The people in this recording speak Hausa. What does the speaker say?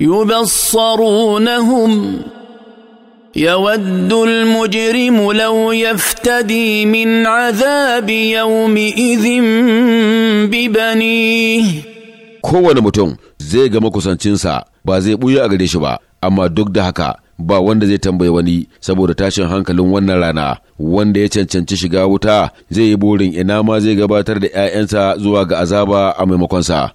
يبصرونهم يود المجرم لو يفتدي من عذاب يومئذ ببنيه kowane mutum zai ga makusancinsa ba zai ɓuya a gare shi ba amma duk da haka ba wanda zai tambayi wani saboda tashin hankalin wannan rana wanda ya cancanci shiga wuta zai yi burin ina ma zai gabatar da 'ya'yansa zuwa ga azaba a maimakonsa